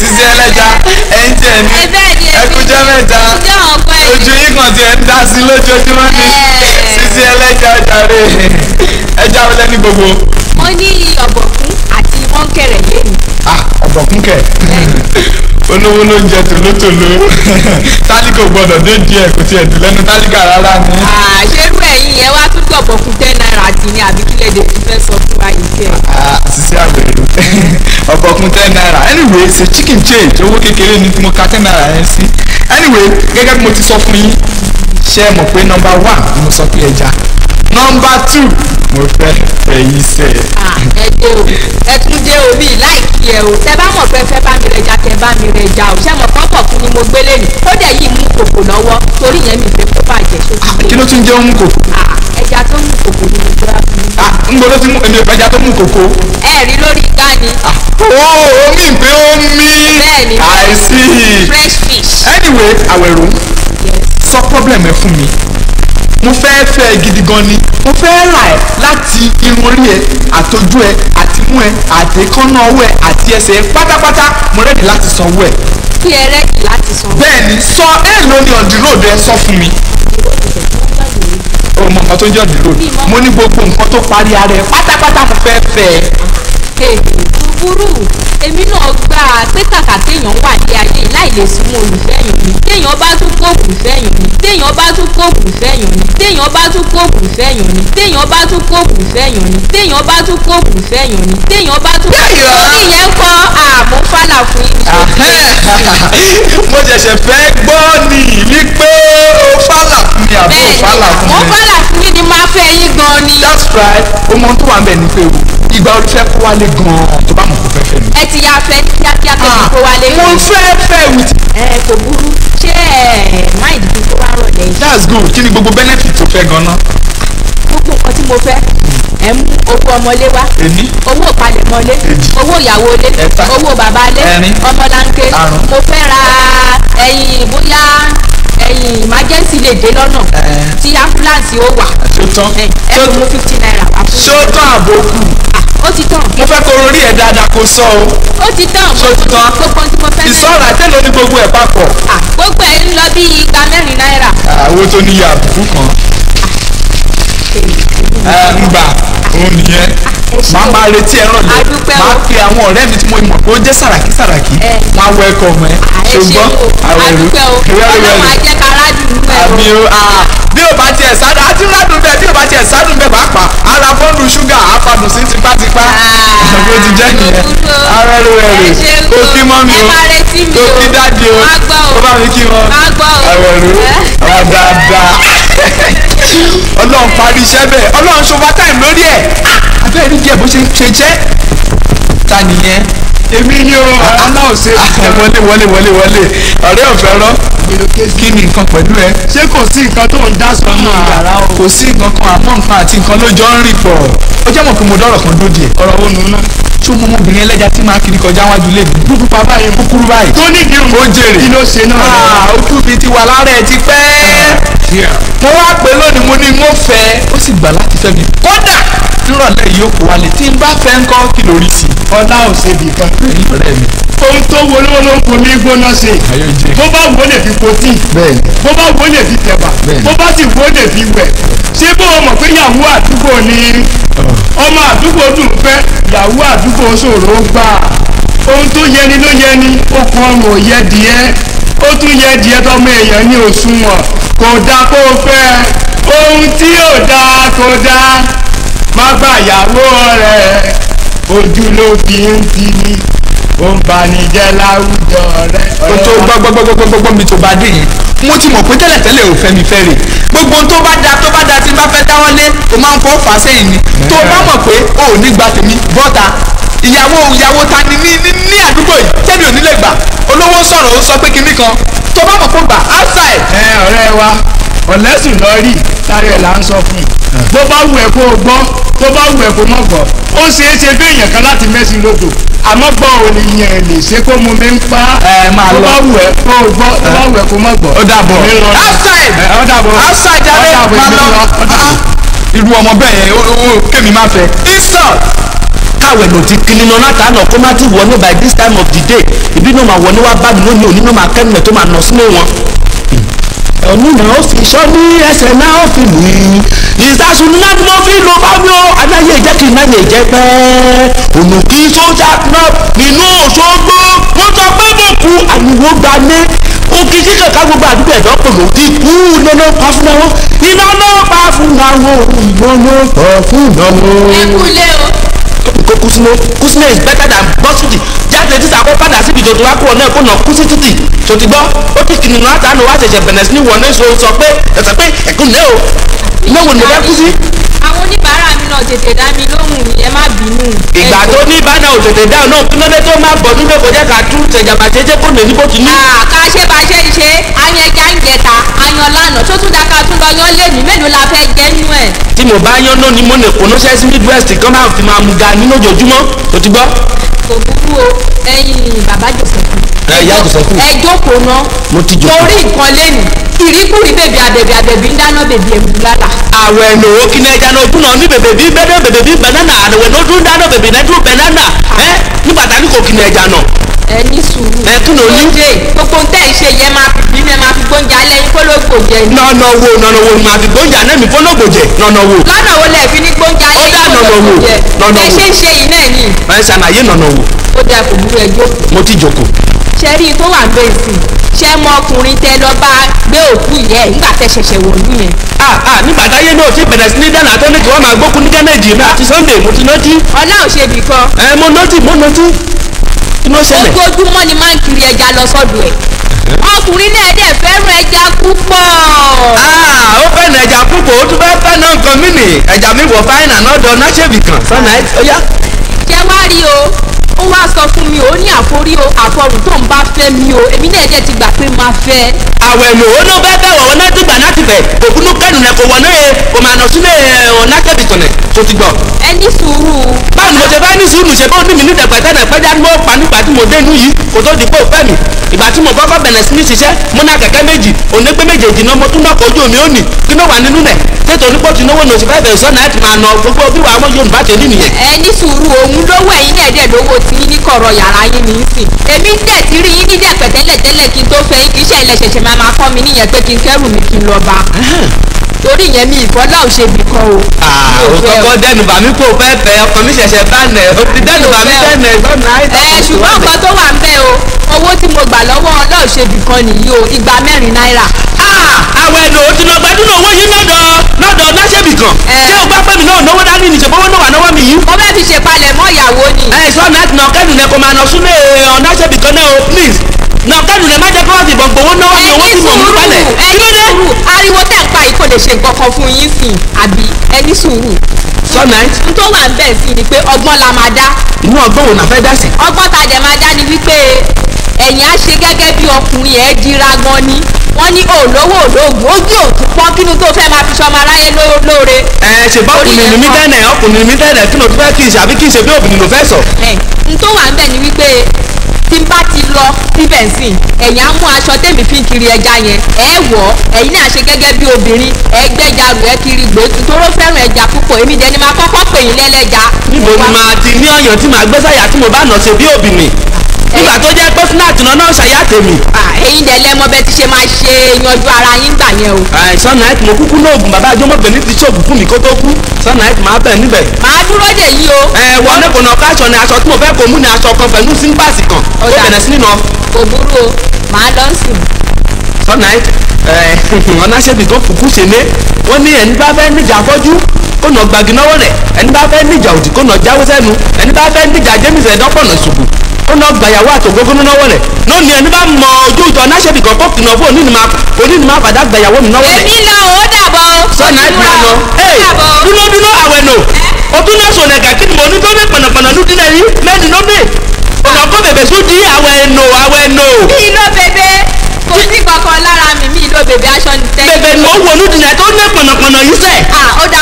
sísí ẹlẹ́ja ẹ̀ńjẹ̀ ni ẹkújọ́ mẹ́ta ojú yìí kan ti ẹ̀ ń dá sí lójoojúmọ́ ni sísí ẹlẹ́ja ọjà rẹ̀ ẹja wọlé ní gbogbo. mo ní ọ̀bọ̀kún àti mọ́ńkẹ̀rẹ̀ lẹ́nu. ah ọ̀bọ̀kún kẹ̀ olówó ló ń jẹ tòlótòló [LAUGHS] tálíkà ò gbọdọ̀ dédìí ẹ̀ kò tiẹ̀ dùn lẹ́nu tálíkà rárá ni. àṣerú ẹ̀yìn yẹn wá tún gbọ̀gbọ̀ fún ten naira ti ní àbí kílẹ̀ èdè tó fẹ́ sọ fún wa yìí kẹ́. sísẹ́ àgbèrè ọ̀bọ̀kún ten naira anyway ṣe chicken change owó kékeré ni mo ka ten naira yẹn sí anyway gẹ́gẹ́ bí mo ti sọ fún yín ṣé ẹ mọ̀ pé number one ni mo sọ pé ẹja nọmba tù. mo fẹ́ fẹ́ yín sẹ́. Ah, ẹ dé o ẹ tún dé o bíi láìkí ẹ o tẹ bá mọ̀ pé fẹ́ bá mi rẹ̀ já tẹ bá mi rẹ̀ já o ṣé mo fún ni mo gbé lẹ́nu ó dẹ̀ yìí mú kòkò lọ́wọ́ torí yẹn mi fẹ́ kó bàjẹ́ kí ló tún jẹ́ mú kòkò. Ah, ẹja tó mú kòkò ni mo gbé wá fún mi. n ah, gbọ́dọ̀ ti mú èmi ìpẹ́jà tó mú kòkò. ẹ rí lórí ìgbà ni. ó oh, mi pé ó mi. bẹ́ẹ̀ni I see. fresh fish. anyway àwẹ̀rù sọ problem ẹ fún mi mo fẹ́ fẹ́ gidi gan ni mo fẹ́ rà ẹ́ láti irun orí ẹ àtọjú ẹ àtimú ẹ àtẹkọ́nà ọwọ́ ẹ àti ẹsẹ̀ ẹ pátápátá mo rẹ́ni láti sanwó ẹ. kí ẹ rẹ́ni láti sanwó. bẹ́ẹ̀ni sọ ẹ lóní ọ̀dì róòdù ẹ sọ fún mi. o mọ nǹkan tó ń jẹ́ ọ̀dì róòdù mo ní gbogbo nǹkan tó parí ara ẹ pátápátá mo fẹ́ fẹ́ ẹ burú èmi náà gbà á pé kàkà kéèyàn wà ní ayé láì lè súnmọ́ olùfẹ́yàn ni téèyàn bá tún kóòkù fẹ́yàn ni téèyàn bá tún kóòkù fẹ́yàn ni téèyàn bá tún kóòkù fẹ́yàn ni téèyàn bá tún kóòkù fẹ́yàn ni téèyàn bá tún kóòkù fẹ́yàn ni téèyàn bá tún. yóò níyẹn kọ́ àmú fálà fún yín. [LAUGHS] mo ṣẹ̀ṣẹ̀ fẹ́ gbọ́ ni wípé o fálà fún mi àbí o fálà fún mi. mo fálà fún mi ni máa fẹ́ yín gan ni. that's right o mọ tó wà ń bẹ̀ ní pé o ìgbà orí fẹ́ kó wálé gan-an tó bá mọ̀ kó fẹ́ fẹ́ mi. ẹ ti yà fẹ́ ní kíákíá tó ti kó wálé. Ah, mo fẹ́ fẹ́ with. ẹ kò burú ṣé ẹ mind bí kó wá rọ̀ lẹ́yìn. that's good kí ni gbogbo benefit tó fẹ́ gan-an. gbogbo nǹkan tí mo fẹ́ ẹ mú owó ọmọlé wá owó ìpalẹ̀mọ́lé owó ìyàwó lé owó bàbá lé ọmọlanke mo fẹ́ ra ẹyin bóyá ẹyin emergency lè dé lọ́nà eh. tí ambulance ó wà eh, ẹ kò fifty naira wá fún mi. ṣó tán àbókù. Ah, ó ti tán. mo fẹ́ kó orí ẹ̀ dáadáa kó sọ o. ó ti tán mo ti tán gbogbo tí mo fẹ́ mẹ́rin. ìsọ̀rọ̀ àtẹ́lẹ̀ ní gbogbo ẹ̀ papọ̀. Ah, gbogbo ẹ̀ ń lọ bí igba mẹ́rin náírà. àwọn ah, tó níyà àbùkù kan. ngbà eh, òun nìyẹn màá máa retí ẹran lẹ màá pe àwọn ọ̀rẹ́ mi tí mo mọ̀ pé ó jẹ́ sàràkí sàràkí wọn á wọ ẹkọ mọ ẹ ṣùgbọ́n àwọn èrò ìwé rẹ bí o bá tiẹ̀ sádùn àti ládùn bẹ́ẹ̀ bí o bá tiẹ̀ sádùn bẹ́ẹ̀ pàápàá ara fọ́ọ̀nù ṣúgà àfàdùn sí tipátipá bí o ti jẹ́ nìyẹn ara rẹ rẹ kò kí mọ́ mi o kò kí dáàdi o kò bá mi kí wọn àwọn èrò àwọn dáadáa [LAUGHS] ọlọ́run parí iṣẹ́ bẹ́ẹ̀ ọlọ́run ṣọba táìm lórí ẹ̀ ah, abẹ́rẹ́ ń jẹ bó ṣe ṣe jẹ́ ta nìyẹn. èmi ni o aláwọ̀ ah, wọlé wọlé wọlé wọlé ọ̀rẹ́ ọ̀fẹ́ rọ kí ni nǹkan pẹ̀lú ẹ. ṣé kò sí nǹkan tó ń dá sọ ní ah, yàrá o. kò sí nǹkan kan àmọ́ nǹkan àti nǹkan ló jọ ń rìn pọ̀. ó jẹ́ mọ̀ pé mo dọ́rọ̀ kan dóde ẹ̀. ọ̀rọ̀ wo nù ú mo mọ obìnrin tí máa kiri kọjá wájú lé mi. kúkú pa báyìí kúkúrú báyìí. tó ní ìdí òun. ó jèrè kí ló ṣe náà. ó ah, kú mi ti wà lára ẹ̀ ti pẹ́ mo wá pé lónìí mo ní mo fẹ́ ó sì gbà láti fẹ́ mi kódà nírọ̀lẹ́ yìí ó kó wálé tí n bá fẹ́ ń kọ́ kí lórí sí. ọlá ò ṣe bì kan. èyí ọ̀rẹ́ mi. ohun tó wo ló ló ń fomi gbóná ṣe. ayọ̀ jẹ. bó bá wo lè fi potí. bẹ́ẹ̀ni. bó bá wo lè fi tẹ̀bà. bẹ́ẹ̀ni. bó bá sì wo lè fi wẹ̀. ṣé bó o mọ̀ pé yàwó àdúgbò ni oh. ọmọ àdúgbò dùn fẹ́ yàwó àdúgbò ṣòro gbà ohun tó yẹni ló yẹni okùn ọrùn ò yẹ díẹ̀ ó tún yẹ díẹ̀ tọmọ èèyàn ní òṣùwọ̀n kò dáa kó o fẹ́ ohun tí ò dáa kò dáa má gbà yàwó rẹ̀ ojú ló fi ń ti ní ó ń banijẹ́ láwùjọ rẹ̀. ohun tó gbọ́gbọ́gbọ́gbọ́gbọ́ mi tó bá dé yìí mo ti mọ̀ pé tẹ́lẹ̀tẹ́lẹ̀ ò fẹ́ mi fẹ́ rè gbogbo tó bá da tó bá da tí bá fẹ́ dáwọ́lé o máa ń fọ́ fà sẹ́yìn ni tó bá mọ̀ pé o ò ní gba tèmi bọ́ta ìyàwó ìyàwó ta ni ní ní ní àdúgbò yìí tẹ́mi ò nílé gbà olówó sọ̀rọ̀ ó sọ pé kinní kan tó bá mọ̀ kó gbà áṣà ẹ̀. ẹ ọ̀rẹ́ wa ọ̀lẹ́sùn lọ rí tari ẹ̀ là ń sọ fún un tó bá wù ẹ̀ kó o gbọ́ tó bá wù ẹ̀ kó mọ̀ gbọ́ ó ṣeé ṣe bí èèyàn kan láti mẹ́sìn lódò àmọ́ gbọ́ ò ní yẹn lè ṣe kó mu mi ń pa tó bá wù ẹ̀ kó o gbọ́ tó bá wù ẹ̀ kó mọ̀ gbọ́. ó dàbọ̀ outside outside jáde máa lọ ah, ah. irú ọmọ bẹ́ẹ̀ yẹn ó kémi máa fẹ́. insult àwẹ̀ ló ti kiri nọ náà nà kó má ti wọ ní by this time of the day ibi náà máa wọ ní wá bá mi lónìí òní náà máa kẹ́nu ẹ̀ tó máa nà sínú wọn. ọ̀nù náà ó fi iṣọ́ ní ẹsẹ̀ náà ó fi lù í ìsásùn náà ni mo fi lò bá mi o adáyé ìjẹ́ kì náà lè jẹ́ pẹ́ ònù kí sójà náà nínú Òṣogbo wọ́n sọ pé mo kú òkè kíkà ká gbogbo àdúgbò ẹ̀dọ́ pẹ̀lú ikú iná ló pa iná ló pa ìbọn ló pọ̀ ẹ kú lé o kó kúsínú kúsínú is better than bọ́sùtì jáde títà kó padà síbi tó ti wá kúrò náà kó nà kú sí títì tó ti gbọ́ ó ti kìnnìún no wá ṣẹ̀ṣẹ̀ bẹ̀rẹ̀ sí ní wọ̀ ní sọ sọ pé ẹ̀sọ̀ pé ẹ̀kún lé o náà wò ní bẹ́ẹ̀ kú àwọn oníbàárà mi náà tètè dá mi lóhùn ẹ má bínú. ìgbà tó ní bánà ò tètè dáhùn náà kí lóde tó má bọ̀ nígbà kó jẹ́ ká tú tẹ̀jàmbá ṣe jẹ́ kó nìyí bó ti ní. àkàṣe bá ṣe lánàá tó tún dáká tún lọ yán lé ní mélòó la fẹ́ jẹ́ nú ẹ̀. tí mo bá yán náà mo lè kóná sẹ́sí midwest kan máa fi máa mu ga ní lójoojúmọ́ tó ti gbọ́. kò burú o ẹyin bàbá jòsèfù ẹ jókòó ná torí nǹkan lẹ́nu ìríkùrí bèbè àbẹ̀bẹ̀ àbẹ̀bí ń dáná bèbè ẹ̀mùbúlálà. àwẹ̀ nù ó kí ni ẹja náà kùnà ní bèbè bí bẹ́ẹ̀ bèbè bí bẹ́nánà àwẹ̀ náà dún dáná bèbè náà dún bẹ́nánà ẹ nígbà tá a ní kò kí ni ẹja náà. ẹ ní sùúrù ẹ kí ni o ní. lóde gbogbo ń tẹ́ ìṣe yẹn máa fi bí mẹ́ máa fi gbóúnjà alẹ́ yín fọlọ́gbò jẹ. nọ̀nà wo nọ̀nà wo máa fi gbóúnjà alẹ́ mi fọlọ́gbò jẹ nọ̀nà wo. lọ́nà wo lẹ fi ní gbóúnjà alẹ́ yín fọlọ́gbò jẹ. ó dà nọ̀nà wo nọ̀nà wo. ẹ ṣe ń ṣe yìí náà ni. ẹ wo. ó dà kò burú ẹ jókòó ṣe rí i tó wà bẹ́ẹ̀ sí ṣe mọ ọkùnrin tẹ lọ bá gbé òkú yẹ nígbà tẹ ṣẹ̀ṣẹ̀ wọ̀lú yẹn. a a nígbà táyé náà ti bẹ̀rẹ̀ sí ní dáná tó ní kí wọ́n máa gbókun ní gánẹ́jì mi àti Sunday mo ti nọ́tí. ọlọ́run ṣe nìkan. ẹ mo nọ́tí mo nọ́tí kí ló ṣẹlẹ̀. ojoojúmọ́ ni máa ń kiri ẹja lọ sọ́dọ̀ ẹ̀ ọkùnrin náà dẹ̀ fẹ́ràn ẹja púpọ̀. ó fẹ́ràn ẹja púpọ̀ ó tún fẹ́ẹ́ fẹ́ràn nǹkan mí nì ẹja mi wọ̀ fáìnà náà dọ̀ náà ṣèbì kan sọ́nà ẹ̀ ó yá. ṣé wá rí o ó wá sọ fún mi ó ní àforí o àfọrùn tó ń bá fẹ́ mi o èmi náà dẹ̀ ti gbà pé máa fẹ́. àwẹ̀ lò ó náà bẹ́ẹ̀ bẹ́ẹ̀ wọ́n náà ti gbà náà ti fẹ̀ òkúnú kẹ́nu náà kò wọ́n náà kò máa nà sílẹ̀ eh, ọ̀nà kẹ́bi tọ̀nẹ̀ tó ti gbọ́. ẹ ní sùúrù. báwo ni mo ṣe bá ní sùúrù ṣe bá ní mi ní ṣiṣẹ́ mo ná kẹ̀kẹ́ méjì òní pé méjèèjì mo tún náà kojú omi tí náwó nòsì fẹ́ẹ́ bẹ̀rẹ̀ sọ́nà láti máa nà gbogbo bí wàá mọ̀ Yorùbá ṣe nìyẹn. ẹ ní sùúrù òun lówó ẹ̀yin náà sí yín ní kọ̀rọ̀ yàrá yín ní sìn èmi dẹ̀ ti rí yín ní dẹ̀pẹ̀ tẹ́lẹ̀ kí n tó fẹ́ yín kì í ilẹ̀ ṣẹ̀ṣẹ̀ máa máa kọ́ mi níyẹn pé kí n kẹ́rù mi kí n lọ bá torí ìyẹn ni ìfọlá ò ṣe bì kan o. òkòkò dẹnubà mi kò fẹ́ fẹ́ ọkọ mi ṣẹ̀ṣẹ̀ bá nẹ̀ dẹnubà mi dẹnẹ̀ lọ́nà àìsàn. ẹ ṣùgbọ́n nǹkan tó wà ń bẹ̀ o owó tí mo gbà lọ́wọ́ ọlọ́ọ̀ṣẹ́bì kan nìyí o igba mẹ́rin náírà. àwọn ẹ̀dùn ò ti lọ gbàdúrà owó yìí lọ́dọ̀ lọ́dọ̀ ọlọ́ọ̀ṣẹ́bì kan. ṣé o gbà pé mi náà náwó dání ní ìṣèpọ̀wọ́ náà wà náwó mi yìí. mo fẹ́ fi ṣèpalẹ̀ mọ́ ìyàwó ni. ẹ sọ náà ti nà ọkẹ́ nìyẹn kò máa nà súnmọ́ ọlọ́ọ̀ṣẹ́bì kan náà o please na kẹ́dùn lè má jẹ́ kọ́ọ̀tì bọ̀ gbowó náwó àtọwó tí mò ń palẹ̀. ẹni sùúrù ariwo tẹ̀ ń pa yìí kò lè ṣe nǹkan kan fún yín sìn àbí ẹni sùúrù. sọ́nà ẹ̀. n tó wà bẹ́ẹ̀ sí ni pé ọgbọ́n la máa dá. inú ọgbọ́n wo la fẹ́ dá sí. ọgbọ́n ta dẹ̀ máa dá ni wípé ẹ̀yìn á ṣe gẹ́gẹ́ bí ọkùnrin ẹ̀ dira gan ni wọ́n ní òlówó òlóògùn ojú òtún pọ́n kínú tó fẹ́ máa fi sọmọ aráyé lóore. ẹ ṣe bá ọkùnrin mi tẹ́lẹ̀ ọkùnrin mi tẹ́lẹ̀ kí ló fẹ́ kí n ṣe àbí kí n ṣe bí obìnrin ló fẹ́ sọ. ẹ n tó wà ń bẹ̀ ni wípé tí n bá ti lọ síbẹ̀ sìn ẹ̀yin á mú aṣọ tèmi fi kiri ẹja yẹn ẹ wọ̀ ẹ̀yin náà ṣe gẹ́gẹ́ bí obìnrin ẹ gbẹ́ja rù ẹ kiri gbòòtù tóró fẹ́ràn ẹja púpọ̀ èmi dẹni máa kọ́kọ́ pè yín lẹ́lẹ́ja. níbo ni màá ti ní ọyàn tí màá gbé sáyà tí mo bá nà ṣe bí obìnrin nígbà tó jẹ́ pé fúnàtì náà náà ṣàyà tèmi. ẹ̀yin dẹ̀ lẹ́mọ bẹ́ẹ̀ ti ṣe máa ṣe yanjú ara yín gbà yẹn o. sunlight mo kúkú lóògùn bàbá àjọmọ́bìnrin ti ṣòògùn fún mi kó tó kú sunlight máa bẹ̀ níbẹ̀. màá dúró dè yí o. ẹ wọ oníkùnà káṣọ ni aṣọ tí mo fẹ́ kó mú ni aṣọ kan pẹ̀lú símpàsì kan ó bẹ̀rẹ̀ sí nínú. kò burú o màá lọ sùn. sunlight [LAUGHS] ọ̀nàṣẹ́bì tó fùkú ṣe lé wọ́n ní ẹni bá fẹ́ níjà fọ́jú kó nà gbagináwó rẹ̀ ẹni bá fẹ́ níjà òdì kó nà jáwó sẹ́nu ẹni bá fẹ́ níjà jẹ́mísẹ̀ dọ́pọ̀nà ṣùgbọ́n ó náà gbàyàwó àtògógónú náà wọlé lónìí ẹni bá mọ ojú ìjọ anáṣẹ́bì kan kó kùnà fún onímọ̀ onímọ̀ àfàdá gbàyàwó mi náà wọlé. èmi lọ ó dàbọ̀ sọ̀nà ìgbà lọ ee àwẹ̀ nù o sọ̀nà ẹ̀ka kí ni mo ní tó bí pọ̀nàpọ̀nà ló dín ẹyí mẹ́rin ló bí ọ̀nà kó bèbè sún di àwẹ̀ nù àwẹ̀ nù. mi ló bèbè kò sí kankan lára mi mi ló bèbè aṣọ ni tẹ́lẹ̀. bèbè nù ó wọnú dìnyà tó ní pọ̀nàpọ̀nà yìí sẹ́. Ah, ó dà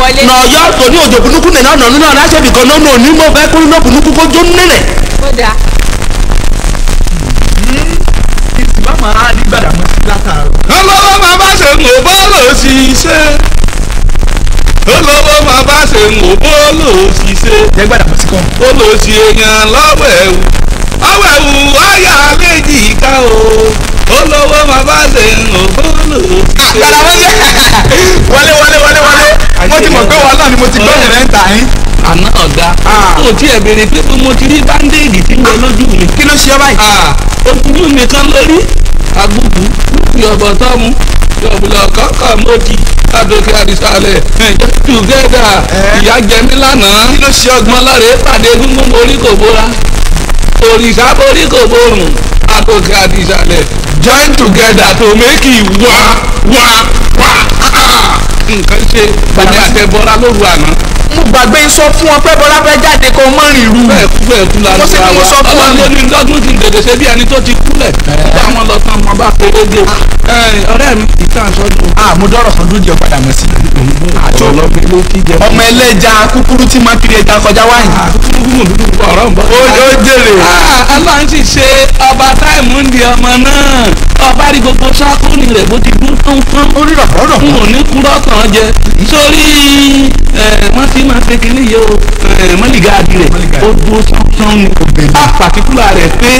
wọlé. nà ọyọ tó ní òjò burúkú nìyẹn náà nínú ọ̀rá ṣẹ́bi kan náà ní mo fẹ́ kó iná burúkú kó jó nílẹ̀. ó dáa. ìsìnbá máa ní gbàdámọ́ sí látàárọ̀. olówó máa bá ṣe ń bọ́ lò sí iṣẹ́ olówó máa bá ṣe ń bọ́ lò sí iṣẹ́. jẹ́ gbàdámọ́ sí kan. ó lọ sí èèyàn lọ́wọ́ ẹ̀wù ọwọ́ ẹ̀wù ọ̀yà méjì ká o olówó máa bá ṣe ń bọ́ lò sí iṣẹ́. àgbàlá [LAUGHS] wọlé wọlé wọlé mo ti mọ̀ pé wàhálà ni mo ti gbọ́ yẹn rẹ́ńtà yín. àná ọ̀gá tó ah. tiẹ̀ béèrè pé mo ti rí báńdéèdì tí mo lójú mi. kí ló ṣe báyìí. Ah, ojú mi kan lórí agbègbè ní ọ̀bọ̀ yọ̀bùlọ̀ kọ́kọ́ mọ́jì ládòkè àdìsálẹ̀ tùgẹ́dà ìyá jẹmí lánàá kí ló ṣe ọgbọ́n lọ́rẹ̀ pàdé gúngún borí kò bóra òrìṣà borí kò bórùn àdòkè àdìsálẹ̀ join together to make it wá wá wá kí nǹkan ṣe èmi àtẹ̀bọ́ra lóru àná kò gbàgbé sọ fún ọ pé bọ́lá fẹ́ jáde kó mọ́ rìn rú. kú bẹ́ẹ̀ kú la lọ́wọ́ àwọn ọlọ́run ní lọ́dún ti gbèdè ṣe bí ẹni tó ti kú lẹ̀ bá wọn lọ tán wọn bá pé rédíò mi kì í a mo dọ́rọ̀ kan dúdú ọ̀padà mọ̀ sí. ọmọ ẹlẹ́ja kúkúrú tí máa kiri ẹja kọjá wáyé. ó jèrè. aláǹ sì ṣe ọba táìmù ń di ọmọ náà ọba rí gbogbo sákúnì rẹ̀ bó ti dún tán ó rí rọ̀bọ̀rọ̀. n ò ní kúrọ́ tàn jẹ sórí wọ́n ti ń máa ń ṣe kínní yìí o mọ́lìgá àdì rẹ̀ ó dúró sánsan ni a pàtíkúlà rẹ̀ pé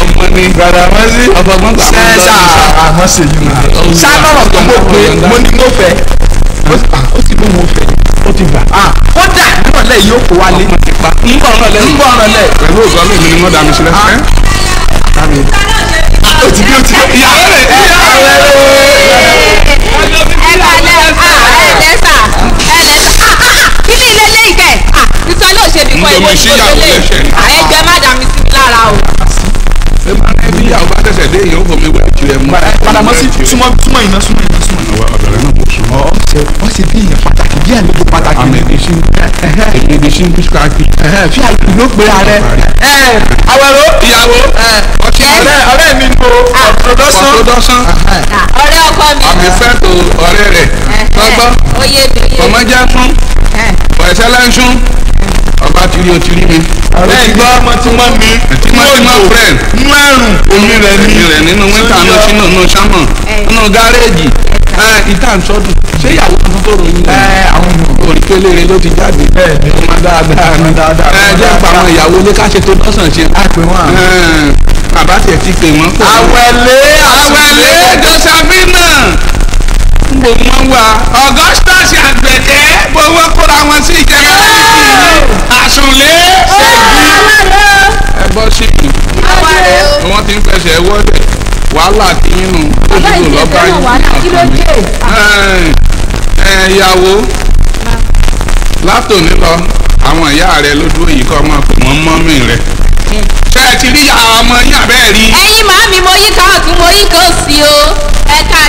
ọmọ ni gbaramasi ọgbọgbọn gbà wọn lọ sí àmọ́sẹ̀ yìí nà sálọ̀rọ̀ tó mọ̀ pé mo ní mo fẹ́ ó ti mú mo fẹ́ ó ti gbà. kódà nírọ̀lẹ́ yìí ó kó wálé nbọ̀ ọ̀rọ̀lẹ́ nbọ̀ ọ̀rọ̀lẹ́ pẹ̀lú ògbọ́n mi ni mo dà mí sílẹ̀ fẹ́ ó ti bí ó ti bí ìyàwó rẹ̀ ìyàwó rẹ̀ ó. ẹ bá lẹ́ à. èwo ni kò lélẹ̀ àyẹ̀jẹ̀ má dà mí sí lára o. ẹ máa rẹ bí àwọn bá tẹsẹ̀ dé èèyàn fún mi wẹ̀ ju ẹ mú. padà mọ́ sí súnmọ́ súnmọ́ iná súnmọ́ iná súnmọ́ iná. ọ̀bẹ̀rẹ̀ náà kò sùn. ọ ṣe wọ́n ṣe bí èèyàn pàtàkì bí àlejò pàtàkì. àmì ìdíṣin èmi ìdíṣin píṣkáàkì. fi àlejò ló pe ààrẹ. awẹ́rọ ìyàwó ọ̀kẹ́ ọ̀rẹ́ mi mo ah. ọ̀pọ̀dọ́sán. ọ̀rẹ́ ọkọ mi. àmì fẹ́ tó ọ̀rẹ́ rẹ̀ lọ́gbọ́ ọmọ jẹ́ fún ọ̀ẹ́sẹ̀ lẹ́ńsún ọba ti rí o ti rí mi. bẹ́ẹ̀ gbọ́ ọmọ tí wọ́n mi tímọ́tímọ́ friend nínú ẹ̀rùn omi rẹ̀ ní rẹ̀ nínú wíńtà náà sínú nínú sámọ̀ nínú gáréèjì ìta ìsọdún ṣé ìyàwó tuntun ròyìn náà. ẹ àwọn òrìkélé rẹ ló ti jáde. bẹ́ẹ̀ ni ọmọ dáadáa ọmọ dáadáa. ẹ jẹ́ àpò àwọn ìyàwó ilé ká ṣe tó dọ́sàn ṣe. a pè wọ́n àná. bàbá tiẹ̀ ti pè wọ́n. àwẹ̀lé àwẹ̀lé jọ́sàbínà gbogbo wọn wà Augustus àgbẹ̀kẹ́ gbogbo kóra wọn sí ìjẹ̀lá súnlé ṣẹ́bí I ṣìkì wọ́n ti ń fẹsẹ̀ wọ́lẹ̀ wàhálà ti yínú ojúlò lọ́ba yìí ẹ̀yàwó látòní lọ àwọn ìyá rẹ lójú òyìn kọ́ ọmọ pè wọ́n mọ́mì rẹ ṣé ẹ ti rí ọmọ yín àbẹ́ẹ̀ rí. ẹ̀yin màá mi mo yí kan ọ̀tún mo yí kan òsì o ẹ̀ka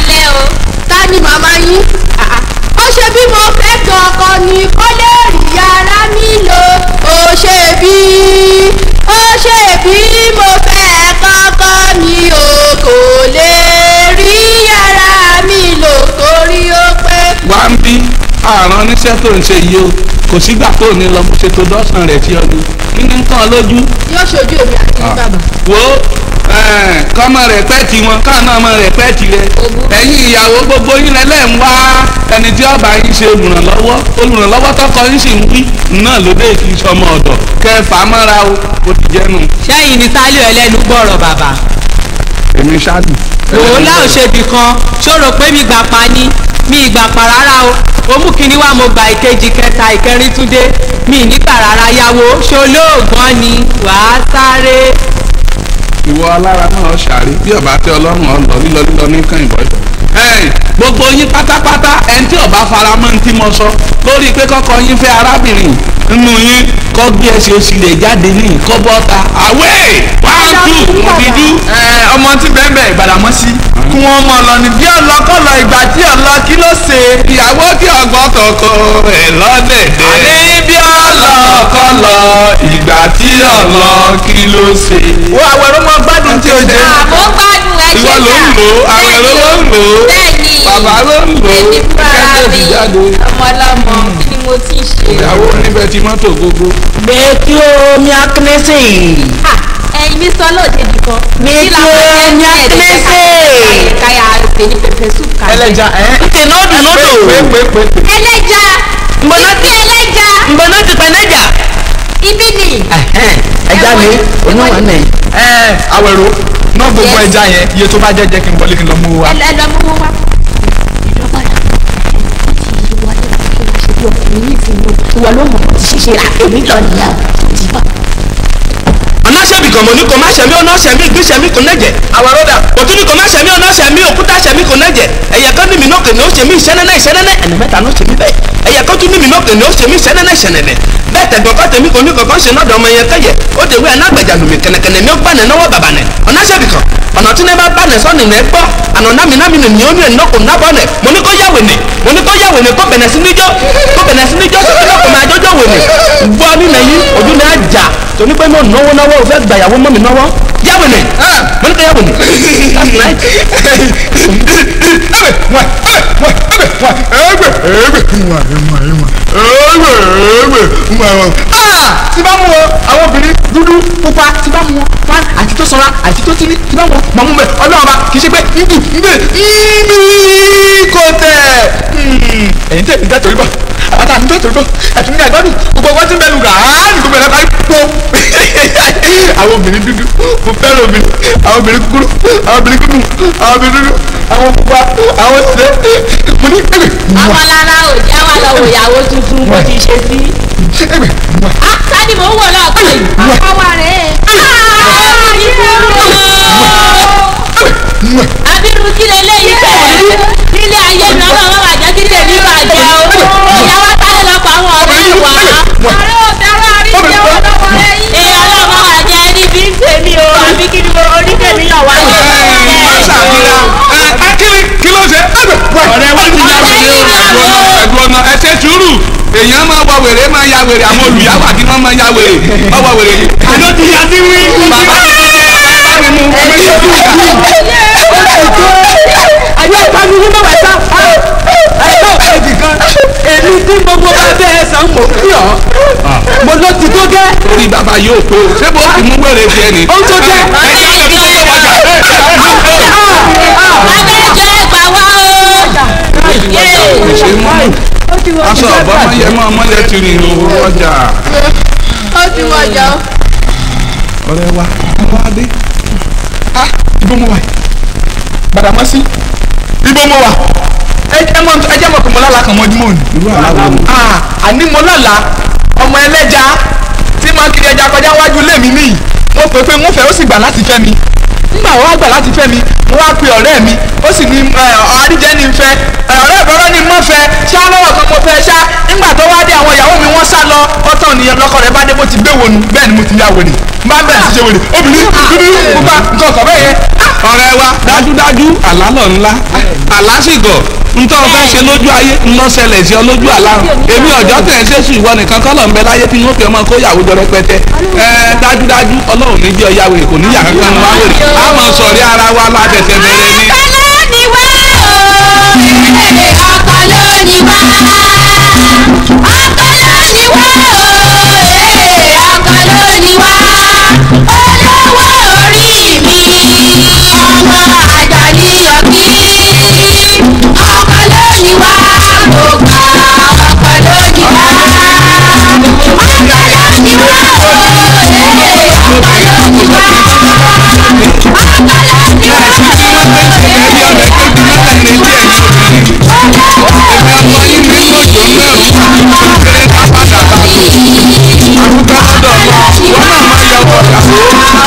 tó ń ṣe yìí o kò sígbà tó ní lọ mo ṣètò dọ́sàn rẹ̀ tí ọdún kí ni ń kàn lójú. yóò ṣojú èmi àti ah. bàbá. wo eh, kọ́mọ rẹ̀ pẹ́ẹ̀tì wọn káàná ọmọ rẹ̀ pẹ́ẹ̀tì rẹ̀ ẹ̀yin ìyàwó gbogbo yín lẹ́lẹ́ ń wá ẹni tí ọba yín ṣe olùrànlọ́wọ́ olùrànlọ́wọ́ tọkọ yín sì ń wí náà lóde kì í sọmọ ọ̀dọ̀ kẹfà mọ́ra o kò ti jẹ́nu. sẹ́yìn ni sálíò ẹlẹ́nu gbọ́rọ̀ bàbá. èmi ṣáàdùn òun láò ṣe bì kan ṣòro pé mi gbà pa ni mi ìgbà pa rárá o omú kínní wa mo gba ìkejì kẹta ìkẹrin túndé mi nígbà rárá yáwó ṣolóògbọ́n ni wàá sáré. ìwọ alára náà ṣàrí bí ọba tẹ ọlọ́run ọlọ lílọ lílọ ní kàn ìbọn ìbọn gbogbo yín pátápátá ẹni tí ọba faramọ́ ní tí mo sọ lórí pé kọ́kọ́ yín fẹ́ arábìnrin nínú yín kọ́ bí ẹ ṣe sílẹ̀ jáde ní ìkọ́bọ́ta àwẹ̀ wá bíbí bíbí eh, ọmọ tí bẹ́ẹ̀ ìgbàlámọ́ sí kí wọ́n mọ̀ lọ ní bí ọlọ́kọ̀lọ́ ìgbà tí ọlọ́ ló ṣe. ìyàwó tí ọgbọ́n tọkọ ẹ̀ lọ́dẹ̀dẹ̀. àní bí ọlọ́kọ̀lọ́ ìgbà tí ọlọ́ ló ṣe. wo àwẹ̀rọ̀ mọ gbádùn tí o jẹ. àmọ́ gbádùn ẹ̀ ṣe ta ìwọ ló bàbá ló ń lò ó kẹ́kẹ́ ti jáde. ọmọlọmọ kí ni mo ti ṣe. ìyàwó níbẹ̀ ti mọ́tò gbogbo. bẹ́ẹ̀ kí o mi akínẹ́sì. ẹyin mi sọ lóde nìkan. mi kí o mi akínẹ́sì. káyà àgbè ní pẹpẹ sùkà. ẹlẹ́ja ẹ. ǹtẹ̀ náà dùn lọ́dọ̀. ẹlẹ́ja. ìbí ẹlẹ́ja. ìbọnà ti pẹ̀lẹ́jà. ibi ni. ẹja ni oníwọ̀n ni. ẹ awẹ̀rọ náà gbogbo ẹja yẹn iye tó bá jẹ́ jẹ́ kí n wọlé kí n lọ mú wa. ẹ lọ mú wa. ọkùnrin yìí fún mi ìwọ ló mọ̀ ọ́ ti ṣe ṣe ra èmi lọ nìyà ti ṣẹ̀mí gànmọ̀ ní kò má ṣẹ̀mí ọ̀nà ṣẹ̀mí ìgbín ṣẹ̀mí kò nẹ́jẹ̀ àwàrọ̀dà òtún ní kò má ṣẹ̀mí ọ̀nà ṣẹ̀mí òkúta ṣẹ̀mí kò nẹ́jẹ̀ ẹ̀yà kan ní mi náà kò ní ó ṣe mí ìṣẹ́nẹ́nẹ́ ìṣẹ́nẹ́nẹ́ ẹ̀nà mẹ́ta ló ṣe mí bẹ́ẹ̀ ẹ̀yà kan tún ní mi náà kò ní ó ṣe mí ìṣẹ́nẹ́nẹ́ ìṣẹ́nẹ́nẹ́ bẹ́ẹ̀ tẹ̀gbọ́n kọ́ tèmi kò ní kankan ṣe náà dọ̀mọ yẹn kẹ́yẹ ó dèwé anágbèjà lùmí kẹ̀nẹ̀kẹ̀nẹ̀ ní ó gbà ní náwó bàbà nẹ̀ ọ̀nà ṣẹ̀bì kan ọ̀nà tí ní bá bá nẹ̀ sọ́ni nẹ̀ gbọ́ àná námínámí nì ní ó ní ẹ̀nà kò ná bọ́ nẹ̀ mo ní kó yà wèlé mo ní kó yà wèlé kó bẹ̀rẹ̀ sí níjọ́ kó bẹ̀rẹ̀ sí níjọ́ tó kí náà kò máa jọ́jọ́ wèlé gbọ́ nínú ẹ̀yìn ojú ní àjà torí pé mo náwó náwó òf fẹ́ gbàyàwó mọ́ mi lọ́wọ́ yàwó ni ah. mo ní kẹ́ yàwó ni that's right. Ah! tí àwọn obìnrin dúdú pupa tí bá mú wọn fan àti tó sanra àti tó tíní tí mu mú wọn màá mú bẹ ọlọ́run bá kì í ṣe pé ndù ndè ndì kò tẹ̀ hmm. ẹ̀yin tẹ̀ ní dá torí bọ̀ àtàkùn tó torí bọ̀ ẹ̀tún ní àgbàdo gbogbo ọgbọ́n tí ń bẹ lu ràá nìgbogbo ẹ̀rọ kárí pọ̀ àwọn obìnrin dúdú mo fẹ́ràn obìnrin àwọn obìnrin kúkúrú àwọn obìnrin kúkúrú àwọn obìnrin dúdú àwọn pupa àwọn ṣẹlẹ mo ní ẹgbẹ. àwọn lára òjá wa lọ wò ìyàwó tuntun bó ti ṣe sí. ẹgbẹ. a sani mo ń wò lọ́ọ̀kan yìí. àkọwà rẹ̀ ẹ̀. abiru kí leléyìí bẹ̀rẹ̀ nílé ayé mi ọlọ́wọ́ àjẹ́ kí tèmi bàjẹ́ o ìyàwó sáré lọ pa àwọn ọ̀rẹ́ ìwà. wèrè máa ya wèrè àwọn olùyàwó àti máa máa ya wèrè ọwọ́ wèrè ni. àjọ ti yà sí wí. bàbá bàbá mi mú ọmọ yóò tún ìgbà. àjọ ìpanu ní bàbá sá àjọ òkèjì kan èmi tí gbogbo bá bẹ́ẹ̀ sàn mọ̀ kí ọ́ mo lọ ti tó gẹ́. orí bàbá yóò tó ṣé bó ti mú wèrè tiẹ̀ ni. ó ń tó jẹ́. ẹ̀yin ló ní kókó wájà. abẹ́jọ́ ẹ̀gbà wá o ti wọ ọjà gbàgbé. aṣọ àbámáyé máa mọ́lẹ̀ ti rìn ìhòòhò ọjà. ó ti wọ ọjà o. ọ̀rẹ́ wa ọba adé a ah, ibo mo wà yìí Badamasi ibo mo wà ẹjẹ mọ ẹjẹ mọ kọmọlá la kàn mọ ọdún mọ́ọ̀nù. irú àlá wo. Ah, àní mo lálàá ọmọ ẹlẹ́ja tí máa kiri ẹja kọjá wájú lèmi nìyí mo pè pé mo fẹ́ ó sì gbà láti fẹ́ mi nígbà wọ́n gbà láti fẹ́ mi mo wá pe ọ̀rẹ́ mi ó sì ní àríjẹ́ ní fẹ́ ọ̀rẹ́ ìbọ̀rọ̀ ni mo fẹ́ ṣá lọ́wọ́ kan mo fẹ́ ṣá nígbà tó wá dé àwọn ìyàwó mi wọ́n sá lọ ọ̀tọ̀ nìyẹn lọ́kọ rẹ̀ bá dé bó ti gbé wo nu bẹ́ẹ̀ ni mo ti yá wèrè bá bẹ̀rẹ̀ sí ṣe wèrè obìnrin dúdú gbogbo nǹkan ọ̀kọ̀ bẹ́ẹ̀ yẹn ọ̀rẹ́ wa dájúdájú àlá lọ ńlá àlá sì gọ̀ ntọ́ fẹ́ ṣe lójú ayé ńlọ ṣẹlẹ̀ sí ọ lójú àlá èmi ọ̀jọ́ tẹ̀ ẹ́ ṣèṣù ìwọ nìkan kọ́ lọ bẹ láyé tí wọ́n fi ọmọ kó yàwó kankan wá wèrè sọ̀rí ara wa bẹ̀rẹ̀ ni.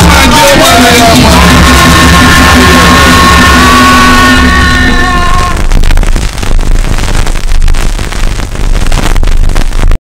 Yeah.